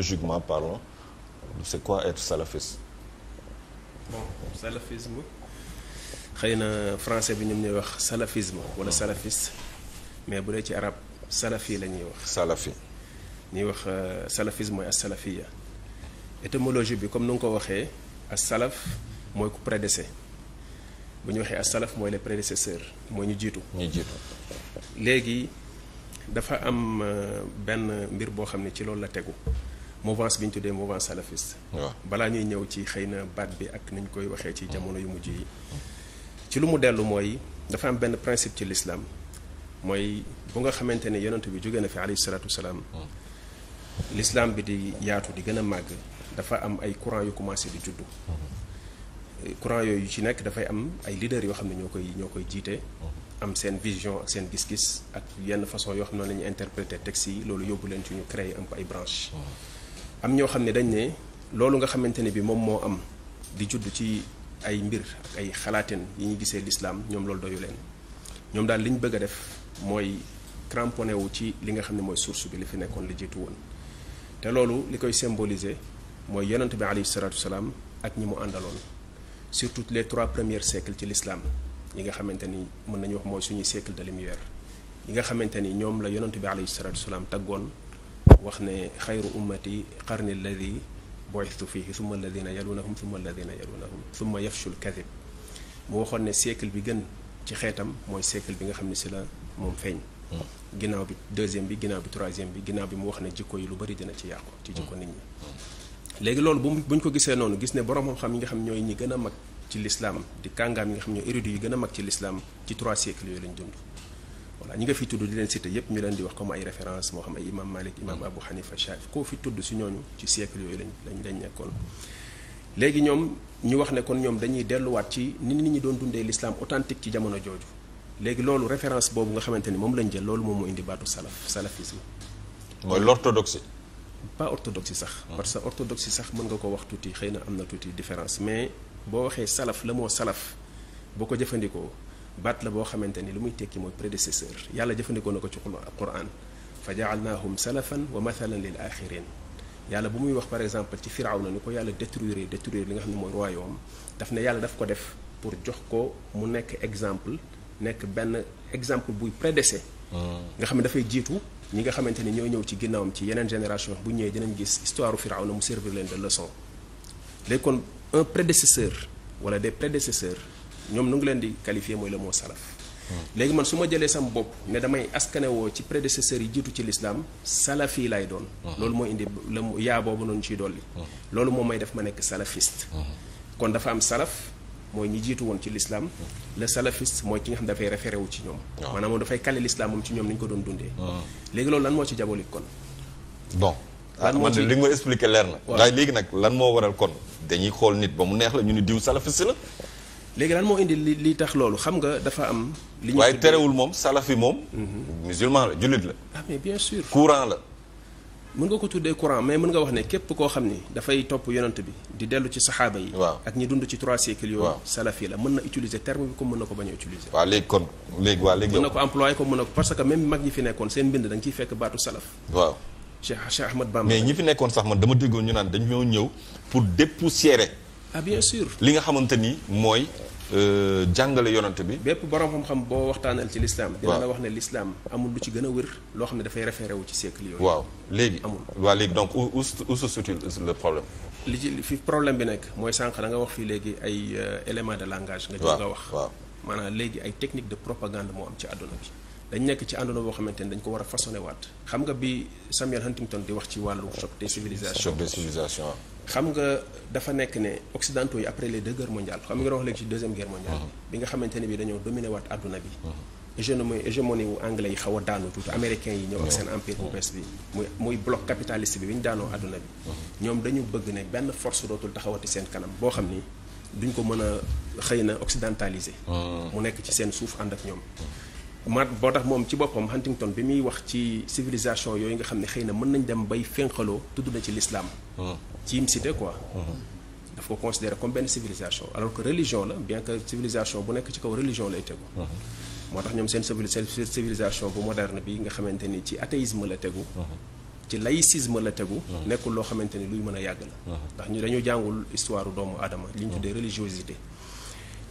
idéologiquement parlant c'est quoi être salafiste bon xëy na français bi ñoom ñuy wax salafisme wala salafiste mais bu dee ci arab salafi la ñuy wax salafi ñuy wax euh, salafisme mooy as salafiya étymologie bi comme nu nga ko waxee as salaf mooy ku prédécé bu ñu waxee as salaf mooy les prédécesseurs mooy ñu jiitu ñu jiitu léegi dafa am euh, benn mbir boo xam ne ci loolu la tegu mouvance bi ñu tuddee mouvance salafiste. waaw balaa ñuy ñëw ci xëy na baat bi ak ni ñu koy waxee ci jamono yu mujj yi. ci lu mu dellu mooy dafa am benn principe ci lislaam mooy bu nga xamante ne yonent bi jóge na fi alayhi salaatu wasalaam. Hmm. lislaam bi di yaatu di gën a màgg dafa am ay courant yu commencé di juddu. Hmm. courant yooyu ci nekk dafay am ay leaders yoo xam ne ñoo koy ñoo koy jiite. Hmm. am seen vision ak seen gis-gis ak yenn façon yoo xam ne la ñuy interpréter textes loolu yóbbu leen ci ñu créer un ay branche am ñoo xam ne dañ ne loolu nga xamante ne bi moom moo am di juddu ci ay mbir ak ay xalaateen yi ñu gisee lislaam ñoom loolu doyu leen ñoom daal li ñu bëgg a def mooy cramponné wu ci li nga xam ne mooy source bi li fi nekkoon li jiitu woon te loolu li koy symboliser mooy yonent bi alayhi salaatu salaam ak ñi mu àndaloon surtout les trois premiers siècles ci l'islam yi nga xamante ni mën nañu wax mooy suñuy siècle de lumière yi nga xamante ni ñoom la yonent bi alayhi salaatu salaam taggoon wax ne xayru ummati qarni alladi boytu fihi na alladina yalunahum summa alladina yalunahum summa yafshul kadib mu waxoon ne siècle bi gën ci xeetam mooy siècle bi nga xam ne si la moom feeñ ginnaaw bi deuxième bi ginnaaw bi troisième bi ginnaaw bi mu wax ne jikko yi lu bari dina ci yàqu ci jikko nit ñi léegi loolu bu buñ ko gisee noonu gis ne borom xam yi nga xam ñooy ñi gën a mag ci lislaam di kàngaam yi nga xam ñooy érudit yi gën a mag ci lislaam ci trois siècles yooyu dund voilà ñi nga fi tudd di leen cité yépp ñu leen di wax comme ay référence moo xam ay imam Malik imam mm-hmm. Abu Hanifa Shafi koo fi tudd si ñooñu ci siècle yooyu lañ lañ lañ nekkoon léegi ñoom ñu wax ne kon ñoom dañuy delluwaat ci nit ñi doon dundee lislaam authentique ci jamono jooju léegi loolu référence boobu nga xamante ni moom lañ jël loolu moom moo indi baatu salaf salafisme mooy l'orthodoxie pas orthodoxie sax mm-hmm. parce que orthodoxie sax mën nga ko wax tuuti xëy na am na tuuti différence mais boo waxee salaf la moo salaf boo ko jëfandikoo baat la boo xamante ni lu muy tekki mooy prédécesseur yàlla jëfandikoo na ko ci Qur'an fa jaalnaahum salafan wa mathalan lil axirin yàlla bu muy wax par exemple ci firaw na ni ko yàlla détruire détruire li nga xam ne mooy royaume daf ne yàlla daf ko def pour jox ko mu nekk exemple nekk benn exemple buy prédécé hmm. nga xam ne dafay jiitu ñi nga xamante ni ñoo ñëw ci ginnaawam ci yeneen génération bu ñëwee dinañ gis histoire firaw na mu servir leen de leçon léegi kon un prédécesseur wala des prédécesseurs ñoom nu ngi leen di qualifier mooy la moo salaf. léegi man su ma jëlee sama bopp ne damay askanewoo ci prédécesseurs yi jiitu ci lislaam salafi laay doon. Mm-hmm. loolu moo indi la yaa boobu noonu ciy dolli. Mm-hmm. loolu moom may def ma nekk salafiste. Mm-hmm. kon dafa am salaf. mooy ñi jiitu woon ci l'islam le salafiste mooy ki nga xam dafay wu ci ñoom ah. maanaam moom dafay kale l'islam moom ci ñoom ni ñu ko doon dundee léegi loolu lan moo ci diabolique kon bon lan ah, moo li nga ma expliqué leer na waaye léegi nag lan moo waral kon dañuy xool nit ba mu neex la ñu ni diw salafiste la léegi lan moo indi li li tax loolu xam nga dafa am. li ñu waaye terewul moom salafi moom. Mhm. musulman la jullit la. ah bien sûr courant la. mën nga ko tuddee courant mais mën nga wax ne képp koo xam ni dafay topp yonent bi di dellu ci saxaaba yi. waaw ak ñi dund ci trois siècles yooyu. salafi la mën na utiliser terme bi comme mën na ko bañ a utiliser. waaw léegi kon léegi waa léegi. mën na ko employé ko mën na ko parce que même mag ñi fi nekkoon seen mbind da nga ciy fekk baatu salaf. waaw Cheikh Cheikh mais ñi fi nekkoon sax man dama déggoon ñu naan dañu ñëw pour dépoussiérer ah bien li nga xamante ni mooy euh, jàngale yonante bi. bépp borom xam-xam boo waxtaanal ci lislaam dina la wax ne lislaam amul lu ci gën a wér loo xam ne dafay référé wu ci siècle yooyu. waaw léegi amul waa léegi donc où où se situe le problème. li ci fi problème bi nekk mooy sànq da nga wax fii léegi ay euh, éléments de langage. nga jóg nga wax waaw maanaam léegi ay technique de propagande moo am ci àdduna bi. dañ nekk ci ànduna boo xamante ni dañ ko war a façonné waat xam nga bi Samuel Huntington di wax ci wàllu choc des civilisations choc xam nga dafa nekk ne occidentaux yi après les deux guerres mondiales xam nga wax léegi ci deuxième guerre mondiale mhm. bi nga xamante ne bi dañoo dominé waat àdduna bi mhm. hégémonie hégémonie wu anglais yi xaw a daanu tuuti américains yi ñëw ak mhm. seen empire bu bees bi muy muy bloc capitaliste bi bi ñu daanoo àdduna bi ñoom dañu bëgg ne benn force dootul taxawati seen kanam boo xam ni duñ ko mën a xëy na occidentaliser mu nekk ci seen suuf ànd ak ñoom ma boo tax moom ci boppam Huntington bi muy wax ci civilisation yooyu nga xam ne xëy na mën nañ dem bay fénqaloo tudd na ci l'islam ci yim cité quoi. Mhm. daf ko considéré comme benn civilisation alors que religion la bien que civilisation bu nekk ci kaw religion lay tegu. Mhm. moo tax ñoom seen civilisation bu moderne bi nga xamante ni ci athéisme la tegu. Mhm. ci laïcisme la tegu. nekkul loo xamante ni luy mën a yàgg la. ndax ñu dañu jàngul histoire doomu aadama. li ñu tuddee religiosité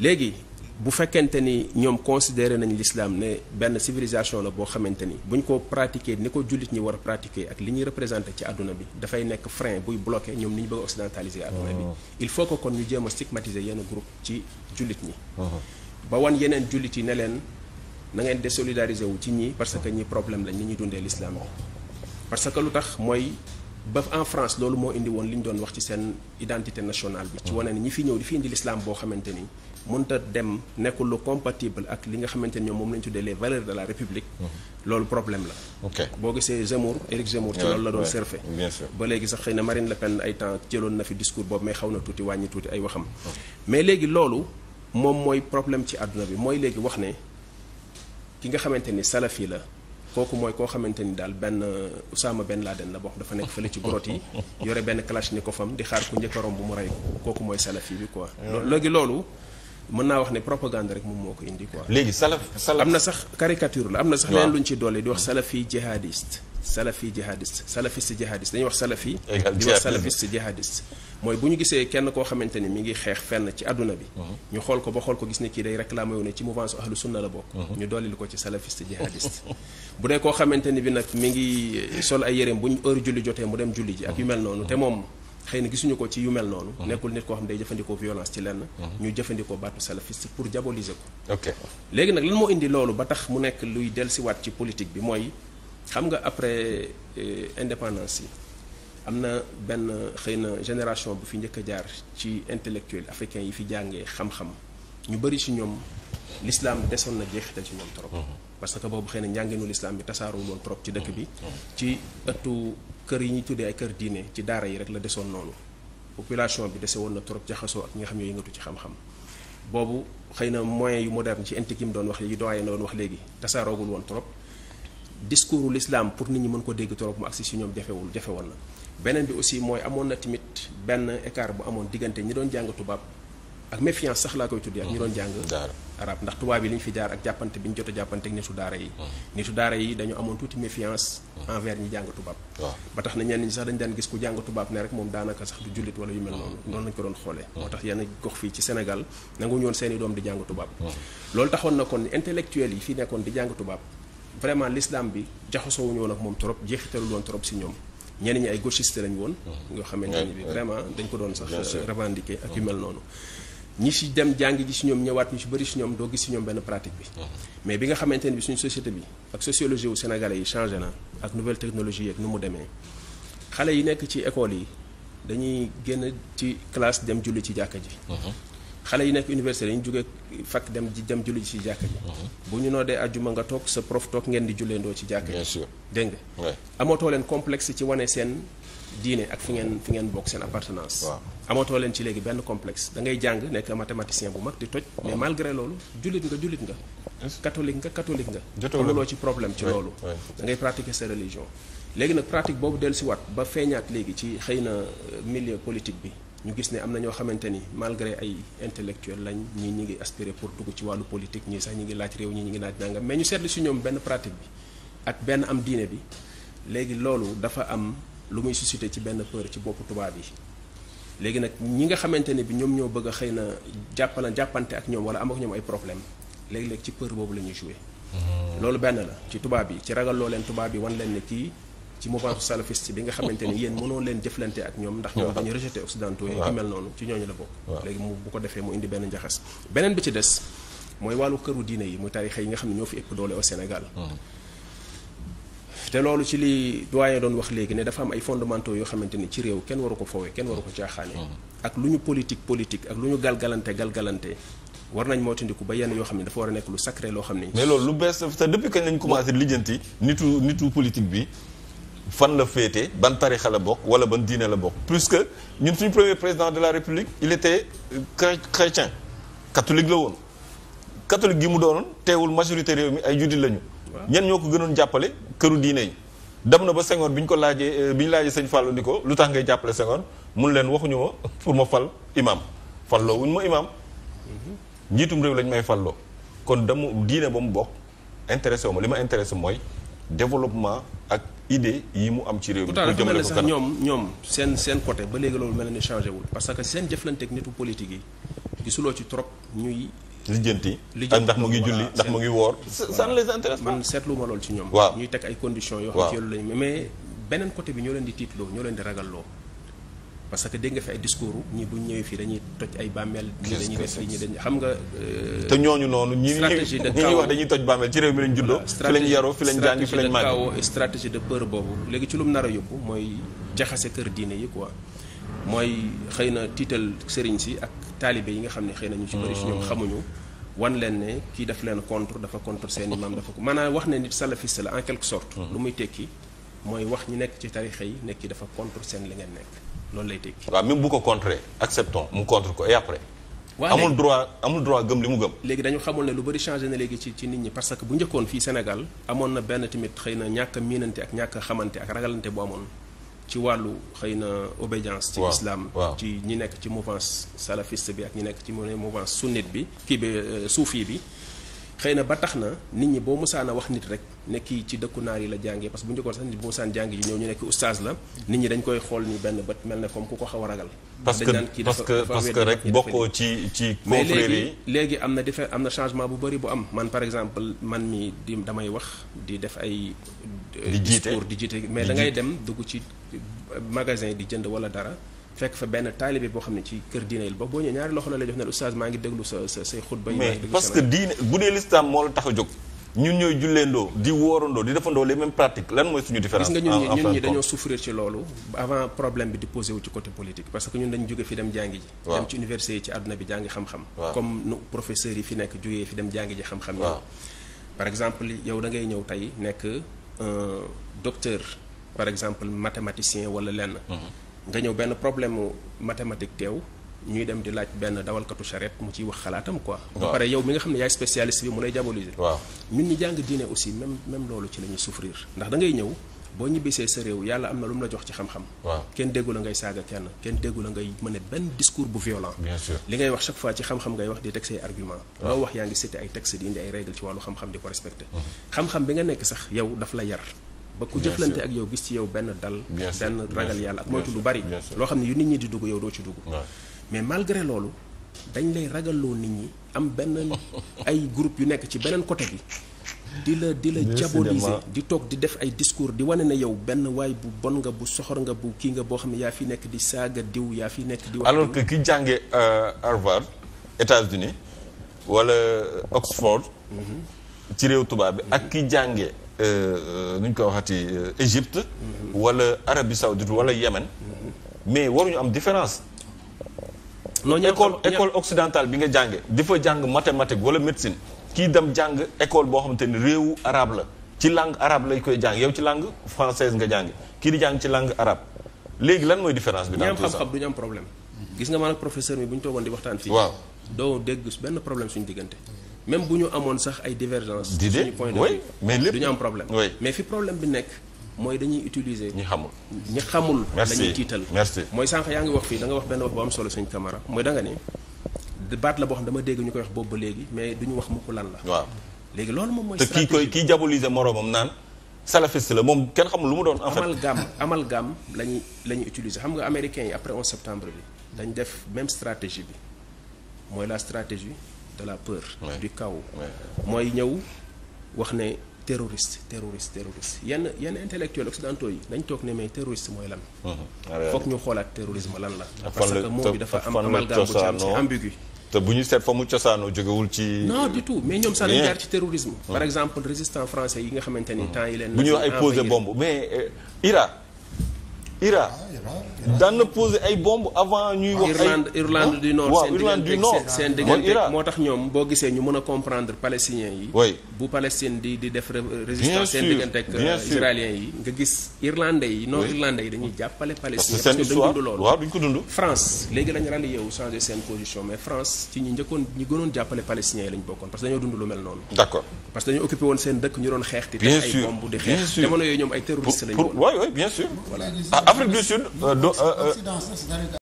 léegi. bu fekkente ni ñoom considéré nañ l'islam ne benn civilisation la boo xamante ni buñ ko pratiquer ni ko jullit ñi war a pratiquer ak li ñuy représenté ci àdduna bi dafay nekk frein buy bloqué ñoom ni ñu bëgg a occidentaliser àdduna bi oh. il faut que kon ñu jéem a stigmatiser yenn groupe ci jullit ñi oh. ba wan yeneen jullit yi ne leen na ngeen désolidariser wu ci ñi parce que ñi problème lañ ni ñuy dundee l'islam bi parce que lu tax mooy ba en France loolu moo indi woon li ñu doon wax ci seen identité nationale bi. ci wane ni ñi fi ñëw di fi indi l'islam boo xamante ni mënta dem nekkul lu compatible ak li nga xamante ni ñoom moom lañ tuddee les valeurs de la république. Mhm. loolu problème la. ok boo gisee Zemmour Éric Zemmour. ci loolu la doon surfer. ba léegi sax xëy na Marine Le Pen ay temps jëloon na fi discours boobu mais xaw na tuuti wàññi tuuti ay waxam. mais léegi loolu moom mooy problème ci àdduna bi mooy léegi wax ne ki nga xamante ni salafi la. kooku mooy koo xamante ni daal benn euh, Usaama Ben Laden la bokk dafa nekk fële ci grotte yi yore benn ko fam di xaar ku njëkk romb mu rey ko kooku mooy salafi bi quoi léegi loolu mën naa wax ne propagande rek moom moo ko indi quoi léegi salaf salaf am na sax caricature la am na sax lu luñ ci doolee di wax salafi jihadiste salafi jihadiste salafiste jihadiste dañuy wax salafi di wax salafiste jihadiste mooy bu ñu gisee kenn koo xamante ni mi ngi xeex fenn ci àdduna bi mhm. ñu xool ko ba xool ko gis ne kii day réclamé wu ne ci mouvance ahlu sunna la bokk mhm. ñu dollil ko ci salafiste jihadiste bu dee koo xamante ni bi nag mi ngi sol ay yéreem bu ñu heure julli jotee mu dem julli ji ak yu mel noonu mhm. te moom xëy na gisuñu ko ci yu mel noonu nekkul nit koo xam day jëfandikoo violence ci lenn ñu jëfandikoo baatu salafiste pour diaboliser ko ok léegi nag lan moo indi loolu ba tax mu nekk luy dellusiwaat ci politique bi mooy xam nga après euh, indépendance yi am na benn xëy na génération bu fi njëkk a jaar ci intellectuel africain yi fi jàngee xam-xam ñu bëri ci ñoom l'islam desoon na jeexital ci ñoom trop. Mhm. parce que boobu xëy na njànginu l'islam bi tasaaroo woon trop ci dëkk bi. Mhm. Mhm. ci ëttu kër yi ñu tuddee ay kër diine ci daara yi rek la desoon noonu population bi dese woon na trop jaxasoo ak ñi nga xam ñooy yëngatu ci xam-xam. boobu xëy na moyens yu moderne ci intique yi mu doon wax yi doyen doon wax léegi tasaarogul discoursu l'islam pour nit ñi mën ko dégg torop mu agsi si ñoom jafewul jafewoon na beneen bi aussi mooy amoon na tamit benn écart bu amoon diggante ñi doon jàng tubaab ak méfiance sax laa koy tuddee ak ñi doon jàng arab ndax tubaab yi li fi jaar ak jàppante bi ñu jot a jàppante ak nitu hmm. tuuti méfiance hmm. envers ñi jàng tubaab ba tax na ñenn ñi moom daanaka sax du jullit wala yu mel noonu hmm. noonu lañ ko doon xoolee moo tax yenn gox fii ci Sénégal nanguñu woon seen doom di jàng tubaab loolu taxoon na intellectuel yi fi nekkoon di jàng tubaab vraiment l'islam bi jaxasoo wuñu woon ak moom trop jeexitalu woon trop si ñoom ñenn ñi ay gauchiste lañ woon. yoo xamante ni bi vraiment dañ ko doon sax revendiquer ak yu mm-hmm. mel noonu. ñi si dem jàng ji si ñoom ñëwaat ñu si bëri si ñoom doo gis si ñoom benn pratique bi. Mm-hmm. mais bi nga xamante ne bi suñu société bi ak sociologie wu sénégalais yi changé na ak nouvelle technologie ak nu mu demee xale yi nekk ci école yi dañuy génn ci classe dem julli ci jàkka ji. Mm-hmm. xale yi nekk université dañu jógee fakk dem ji dem julli ci jàkka ji mhm. bu ñu noo noodee ajjuma nga toog sa prof toog ngeen di julleendoo ci jàkka ji bien sûr dégg nga amatoo leen complexe ci wane seen diine ak fi ngeen fi ngeen bokk seen appartenance waaw amatoo leen ci léegi benn complexe da ngay jàng nekk mathématicien bu mag di toj mais malgré loolu jullit nga jullit nga catholique nga catholique nga amuloo ci problème ci loolu da ngay pratiquer sa religion léegi nag pratique boobu dellusiwaat ba feeñaat léegi ci xëy na milieu politique bi ñu gis ne am na ñoo xamante ni malgré ay intellectuel lañ ñii ñi ngi aspiré pour dugg ci wàllu politique ñi sax ñi ngi laaj réew ñii ñi ngi laaj nangam mais ñu seetlu si ñoom benn pratique bi ak benn am diine bi léegi loolu dafa am lu muy suscité ci benn peur ci boppu tubaab yi léegi nag ñi nga xamante ne bi ñoom ñoo bëgg a xëy na jàppala jàppante ak ñoom wala am ak ñoom ay problème léegi-léegi ci peur boobu la ñuy joué mm-hmm. loolu benn la ci tubaab yi ci ragal tubaab yi wan leen ne kii ci mouvance salafiste bi nga xamante ni yéen mënoo leen jëflante ak ñoom ndax ñoom dañu rejeté occidentaux yi mel noonu ci ñooñu la bokk léegi mu bu ko defee mu indi benn njaxas beneen bi ci des mooy wàllu këru diine yi muy tarixa yi nga xam ne ñoo fi ëpp doole au Sénégal mm-hmm. te loolu ci li doyen doon wax léegi ne dafa am ay fondamentaux yoo xamante ni ci réew kenn waru ko foowee kenn waru ko caaxaane mm-hmm. ak lu ñu politique politique ak lu ñu galgalante galgalante war nañ moo tindiku ba yenn yoo xam ne dafa war a nekk lu sacré loo xam ne mais loolu lu bees te depuis kañ lañ bi fan la féete ban tarixa la bokk wala ban diine la bokk puisque ñun suñu premier président de la république il était euh, chrétien catholique la woon catholique gi mu doonoon teewul majorité réew mi ay juddit lañu ñen ñoo ko gënoon jàppale këru diine yi dem na ba Senghor bi ñu ko laajee euh, bi ñu laajee sëñ Fallou ni ko lu tax ngay jàppale Senghor mun leen waxuñu ma pour ma fal imam falloo wuñ ma imaam mhm. njiitum réew lañ may falloo kon damu diine ba mu bokk intéressé wu ma li ma intéressé mooy développement ak idée yi mu am ci réew mi. pour jëmale ko kanam ñoom ñoom seen seen côté ba léegi loolu mel na ni changé wul. parce que seen jëflanteeg nitu politique yi gisuloo ci trop ñuy. lijjanti ak ndax mu ngi julli ndax mu ngi woor. ça ne les intéresse pas man lool ci ñoom. waaw ñuy teg ay condition yoo xam ci yooyu lañu mais beneen côté bi ñoo leen di tiitloo ñoo leen di ragal parce que dégg nga fi ay discours ñi bu ñëwee fii dañuy toj ay bàmmeel. ñi dañuy def li ñi dañuy xam nga. te ñooñu noonu. ñi ñuy wax dañuy toj bàmmeel ci réew mi lañ juddoo. fi lañ yaroo fi lañ jàngi fi lañ màgg stratégie de peur boobu léegi ci lu mu nar a yóbbu mooy jaxase kër diine yi quoi mooy xëy na tiital sëriñ si ak taalibe yi nga xam ne xëy nañu ñu ci bëri si ñoom hmm. xamuñu wan leen ne kii daf leen contre dafa contre seen imam dafa ko maanaam wax ne nit salafiste la en quelque sorte hmm. lu muy tekki mooy wax ñi nekk ci tarixa yi nekk dafa contre seen ngeen nekk loolu lay tekki. waaw même bu ko contrer acceptons mu contre ko et après. waaw amul droit amul droit gëm li mu gëm. léegi dañu xamul ne lu bari changé na léegi ci ci nit ñi parce que bu njëkkoon fii Sénégal amoon na benn tamit xëy na ñàkk miinante ak ñàkk a xamante ak ragalante bu amoon ci wàllu xëy na obédience. ci islam ci ñi nekk ci mouvance salafiste bi ak ñi nekk ci mouvance sunnite bi kii bi euh, soufi bi. xëy na ba tax na nit ñi boo musaan a wax nit rek nekki ci dëkku naar yi la jàngee parce que bu njëkkoon sax nit bu musaan jàngi yi ñëw ñu nekk oustaz la nit ñi dañ koy xool ni benn bët mel ne comme ku ko xaw a ragal parce que parce que parce que rek bokkoo ci ci confrérie yi mais léegi am na defe am na changement bu bëri bu am man par exemple man mi di damay wax di def ay discours di jiite mais da ngay dem dugg ci magasin di jënd wala dara fekk fa benn taalibe boo xam ne ci kër diine yi ba boo ñëwee ñaari loxo la jox ne oustaz maa ngi déglu sa sa say xutba yi mais parce que diine bu dee lislaam moo la tax jóg ñun di woorandoo di defandoo les mêmes pratiques lan mooy suñu différence. gis nga ñun ñi ñun ñi dañoo souffrir ci loolu avant problème bi di posé wu ci côté politique parce que ñun dañu jóge fi dem jàngi ji dem ci université yi ci àdduna bi jàngi xam-xam comme nu professeurs yi fi nekk jógee fi dem jàngi ji xam-xam par exemple yow da ngay ñëw tey nekk docteur par exemple mathématicien wala lenn mm-hmm. nga ñëw benn problème mu mathématique teew ñuy dem di laaj benn dawalkatu charrette mu ciy wax xalaatam ko ba pare yow mi nga xam ne yaay spécialiste bi mu lay diaboliser. waaw ñun ñi jàng diine aussi même loolu ci la ñuy souffrir. ndax da ngay ñëw boo ñibbisee sa réew yàlla am na lu mu la jox ci xam-xam. kenn déggu la ngay saaga kenn kenn déggu la ngay mën a benn discours bu violent. bien li ngay wax chaque fois ci xam-xam ngay wax di teg say argument. loo wax yaa ngi cité ay textes di indi ay règles ci wàllu xam-xam di ko respecté. Mhm. xam-xam bi nekk sax yow daf la yar. ba ku jëflante ak yow gis ci yow benn dal benn ragal yàlla ak moytu lu bari loo xam ne yu nit ñi di dugg yow doo ci dugg mais malgré loolu dañ lay ragalloo nit ñi am benn ay groupe yu nekk ci beneen côté bi di la di la diaboliser di toog di def ay discours di wane na yow benn waay bu bon nga bu soxor nga bu kii nga boo xam ne yaa fi nekk di saaga diw yaa fi nekk di wax alors que ki jànge euh, Harvard États-Unis wala Oxford mhm. ci réew tubaab bi ak ki jànge Euh, nu ñu koy waxati euh, Égypte wala Arabie Saoudite wala Yémen mais waruñu am différence non école école occidentale bi nga jànge di fa jàng mathématique wala médecine kii dem jàng école boo xamante ni réewu arabe la ci langue arabe lay koy jàng yow ci langue française nga jàng kii di jàng ci langue arabe léegi lan mooy différence bi. daanaka xam-xam du ñu am problème. gis nga maanaam professeur mi bu di waxtaan fii. waaw doo dégg benn problème suñu diggante. même bu ñu amoon sax ay divergences. suñu de mais lépp du ñu am problème. mais fi problème bi nekk mooy dañuy utiliser. ñi xamul ñi xamul. merci dañuy tiital. mooy sànq yaa ngi wax fii danga wax benn wax bu am solo suñu camara mooy da nga ni baat la boo xam dama dégg ñu koy wax boobu ba léegi mais du ñu wax mukk lan la. waaw léegi loolu moom mooy. stratégie te kii koy kii diaboliser moroomam naan. salafiste la moom kenn xamul lu ma doon. en fait amalgame amalgame lañuy la ñuy utiliser xam nga américain yi après 11 septembre bi dañ def même stratégie bi mooy la stratégie. de la peur du chaos mooy ñëw wax ne terroriste terroriste terroriste yenn yenn intellectuels occidentaux yi dañ toog ne mais terroriste mooy lan foog ñu xoolaat terrorisme lan la parce que moom bi dafa am amalgame bu ci am c'est ambigu te bu ñu seet fa mu cosaanoo jógewul ci. non du tout mais ñoom sax dañu jaar ci terrorisme par exemple résistants français yi nga xamante ni temps yi leen bu ñu wax ay posé bombe mais euh, Ira Ah, IRA daan na posé ay bombe avant ñuy wax Irlande Irlande du Nord seen diggante moo tax ñoom boo gisee ñu mën a comprendre palestiniens yi bu Palestine di di def résistance seen diggante ak euh, israéliens yi nga gis irlandais yi nord irlandais yi dañuy jàppale palestiniens parce que dañ dund loolu France léegi lañ rali yow changé seen position mais France ci ñi njëkkoon ñi gënoon jàppale palestiniens yi lañ bokkoon parce que dañoo dund lu mel noonu ñoom Afrique du Sud. Euh, do, euh, euh